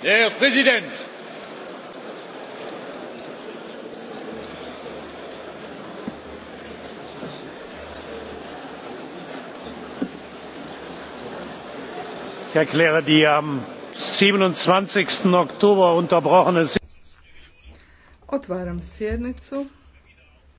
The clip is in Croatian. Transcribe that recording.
Herr Präsident! Ich erkläre die am 27. Oktober unterbrochene Otvaram sjednicu.